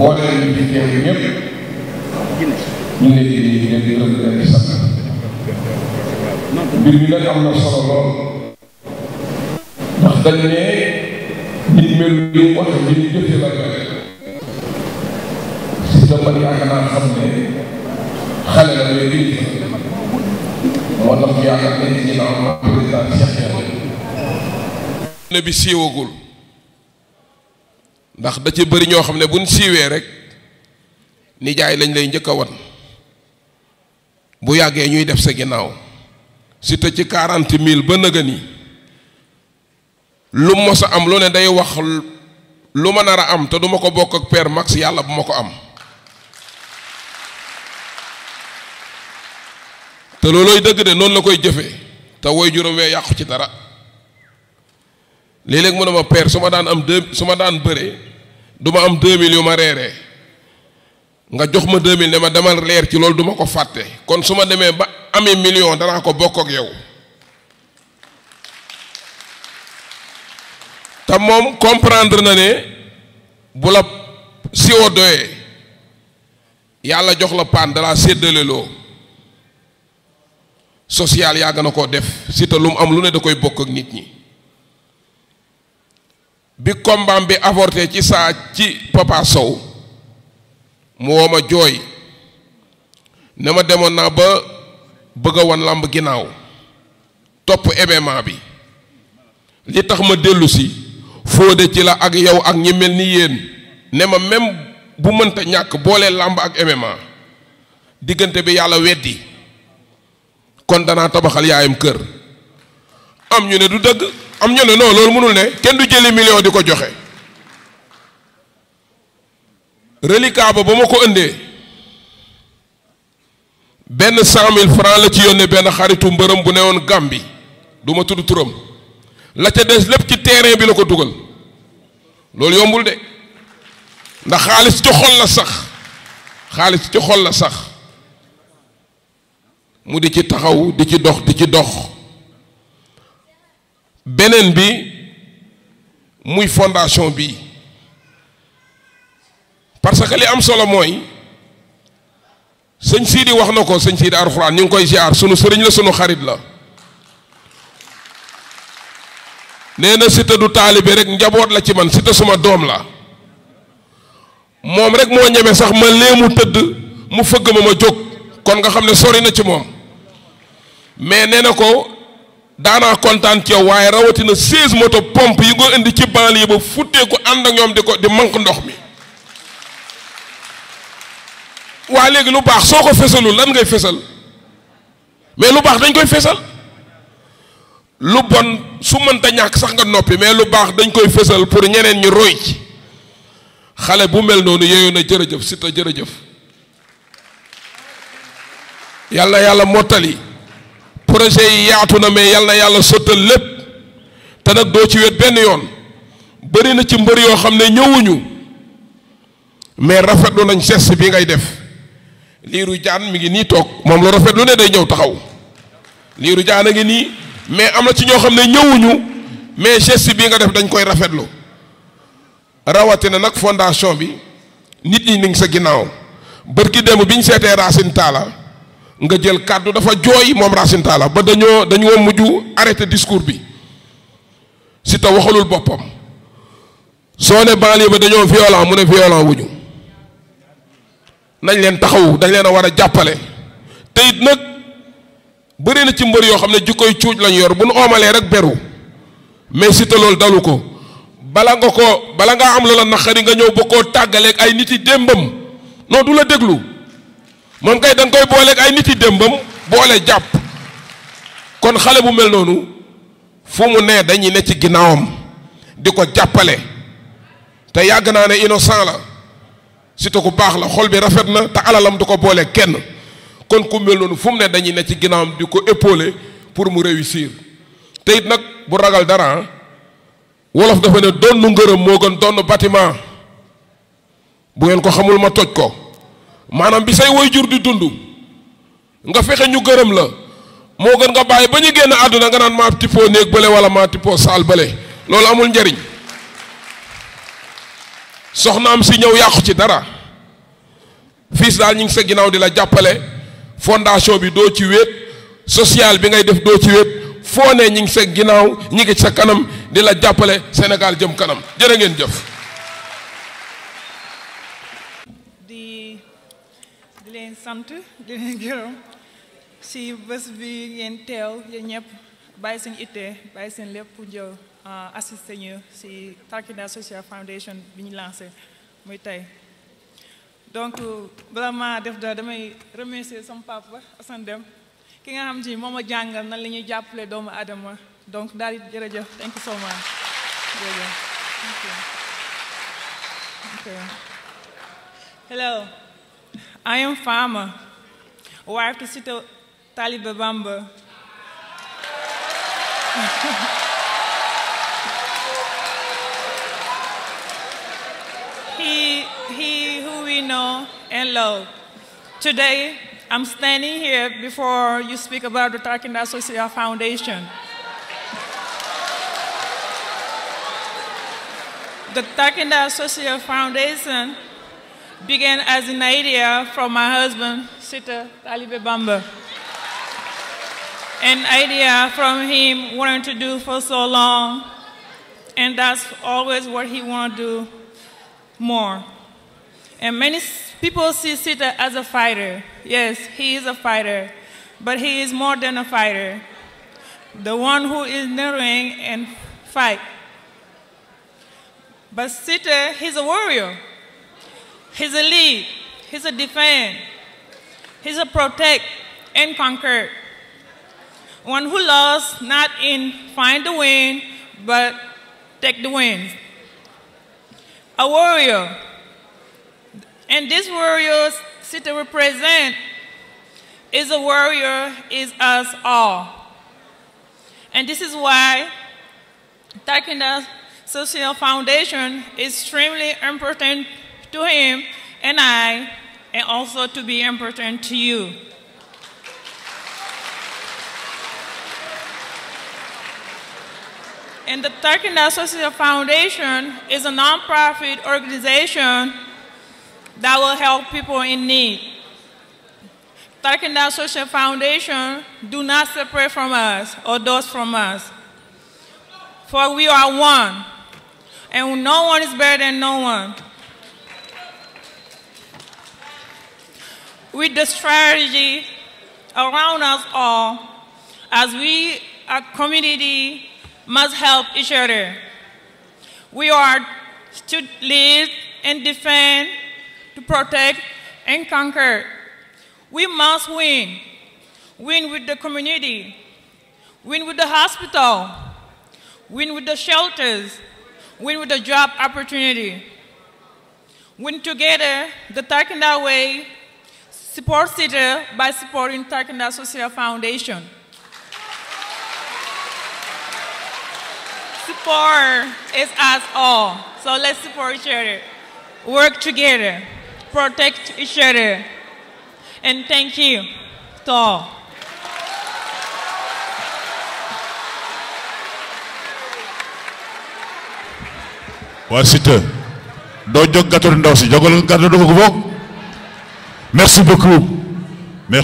mbooleem ñu fi teew ñëpp ñu ngi leen di leen di gërëm leen di sant mbir mi nag am na solo lool ndax dañ ne nit mel ni mu wax ni ñu jëfe la si dama yàgg naa xam ne xale la lay gis moo tax yaakaar nañ ci ginnaaw président Cheikh bi siiwagul ndax da ci bari ñoo xam ne buñ siiwee rek nijaay lañ lay njëkk a wan bu yàggee ñuy def sa ginnaaw si ci quarante mille ba nëga ni lu mos am lu ne day wax lu ma nar am te du ma ko bokk ak père Max yàlla bu ma ko am te loolooy dëgg de noonu la koy jëfe te woy juróom yàqu ci dara léeg-léeg mu ne ma père su ma daan am deux su ma daan bëree du ma am deux mille yu ma reeree nga jox ma deux mille ne ma demal leer ci loolu duma ko fàtte kon su ma demee ba amee million danaa ko bokk ak yow te moom comprendre na ne bu la siwo doyee yàlla jox la paan dalaa séddaleloo social yàgg na koo def sita lu mu am lu ne da koy bokk ak nit ñi bi kombaam bi avorté ci saa ci Papa Sow mu woo ma jooy ne ma demoon naa ba bëgg a wan làmb ginnaaw topp événement bi li tax ma dellusi si ci la ak yow ak ñi mel ni yéen ne ma même bu mënta ñàkk boolee làmb ak MMA diggante bi yàlla weddi kon danaa tabaxal yaayam kër am ñu ne du dëgg am ñu ne non loolu mënul ne kenn du jëli million di ko joxe reliquat ba ba ma ko ëndee benn cent mille franc la ci yónnee benn xaritu mbërëm bu ne woon Gàmbi du ma tudd turam la ca des lépp ci terrain bi la ko dugal loolu yombul de ndax xaalis ci xol la sax xaalis ci xol la sax mu di ci taxaw di ci dox di ci dox beneen bi muy fondation bi parce que li am solo mooy sëñ Sidi wax na ko sëñ Sidi Alxuraan ñu ngi koy ziar sunu sëriñ la sunu xarit la nee na Siteu du taalibe rek njaboot la ci man Siteu suma doom la moom rek moo ñeme sax ma lee mu tëdd mu fëgg ma ma jóg kon nga xam ne sori na ci moom mais nee na ko. daanaa kontaan ci yow waaye rawatina 16 moto pompe yi nga indi ci banlieue ba futteeku ànd ak ñoom di ko di manque ndox mi waa léegi lu baax soo ko fesalul lan ngay fesal mais lu baax dañ koy fesal lu bon su mënta ñàkk sax nga noppi mais lu baax dañ koy fesal pour ñeneen ñu roy ci xale bu mel noonu yooyu na jërëjëf Siteu jërëjëf yàlla yàlla mottali projet yi yaatu na mais yal na yàlla sottal lépp te nag doo ci wet benn yoon bëri na ci mbër yoo xam ne ñëwuñu mais rafetlu nañ geste bi ngay def liiru jaan mi ngi nii toog moom la rafetlu ne day ñëw taxaw liiru jaan a ngi nii mais am na ci ñoo xam ne ñëwuñu mais geste bii nga def dañ koy rafetlu rawatina nag fondation bi nit ñi ni ngi sa ginnaaw bër gi démb bi ñu seetee Racine Talla nga jël kàddu dafa jooy moom Racine Talla ba dañoo dañoo mujj arrêté discours bi si te waxalul boppam soo ne banlieue ba dañoo violent mu ne violent wuñu nañ leen taxawu dañ leen a war a jàppale te it nag bëri na ci mbër yoo xam ne jikkoy cuuj lañ yor bu nu oomalee rek beru mais si te loolu dalu ko bala nga ko bala nga am loola naqari nga ñëw ba koo tàggaleeg ay nit yi démbam non du la déglu. moom kay dañ koy booleeg ay nit yi démbam boole jàpp kon xale bu mel noonu fu mu nee dañuy ne ci ginnaawam di ko jàppale te yàgg naa ne innocent la surtout ku baax la xol bi rafet na te alalam du ko booleeg kenn kon ku mel noonu fu mu ne dañuy ne ci ginnaawam di ko éppoole pour mu réussir te it nag bu ragal dara wolof dafa ne donn ngërëm moo gën donn bâtiment bu ngeen ko xamul ma toj ko maanaam bi say jur di dund nga fexe ñu gërëm la moo gën nga bàyyi ba ñu génn àdduna nga naan maa tippoo néeg bële wala maa tippoo saal bële loolu amul njariñ soxnaam si ñëw yàqu ci dara fiis daal ñu ngi sa ginnaaw di la jàppale fondation bi doo ci wéet social bi ngay def doo ci wéet foo ne ñu ngi sa ginnaaw ñi ngi sa kanam di la jàppale Sénégal jëm kanam jërë ngeen jëf leen sant di leen gërëm si bés bi ngeen teew yéen ñëpp bàyyi seen itte bàyyi seen lépp njëw ah, assisté ñu si Tarkinda Social Foundation bi ñu lancé muy tey donc bala maa def dara damay remercier sama papa Assane Deme ki nga xam si moom a jàngal nan li ñuy jàppale doomu aadama donc daal di jërëjëf thank you so much jërëjëf hello I am Fama, oh, wife to Sito Taliba Bamba. he, he who we know and love. Today, I'm standing here before you speak about the Tarkinda Social Social Foundation began as an idea from my husband, Sita Talibe Bamba. An idea from him wanting to do for so long, and that's always what he want to do more. And many people see Sita as a fighter. Yes, he is a fighter, but he is more than a fighter. The one who is in and fight. But Sita, he's a warrior. He's a lead, he's a defend, he's a protect and conquer. One who loves not in find the win, but take the wins. A warrior. And this warrior sit to represent is a warrior, is us all. And this is why Takina Social Foundation is extremely important to him and I, Foundation is a nonprofit organization that will help people in need. Turkana Social Foundation do not separate from us or those from us. For we are one, and no one is better than no one. with the strategy around us all as we, a community, must help each other. We are to lead and defend, to protect and conquer. We must win. with the community. Win with the hospital. Win with the shelters. Win with the job opportunity. Win together the Takenda way Support CETA by supporting Tarkanda Social Foundation. support is us all. So let's support each other. Work together. Protect each other. And thank you to all. waa Siteu doo jóg gàttal ndaw si jógal gàttal du ko bokk Merci beaucoup.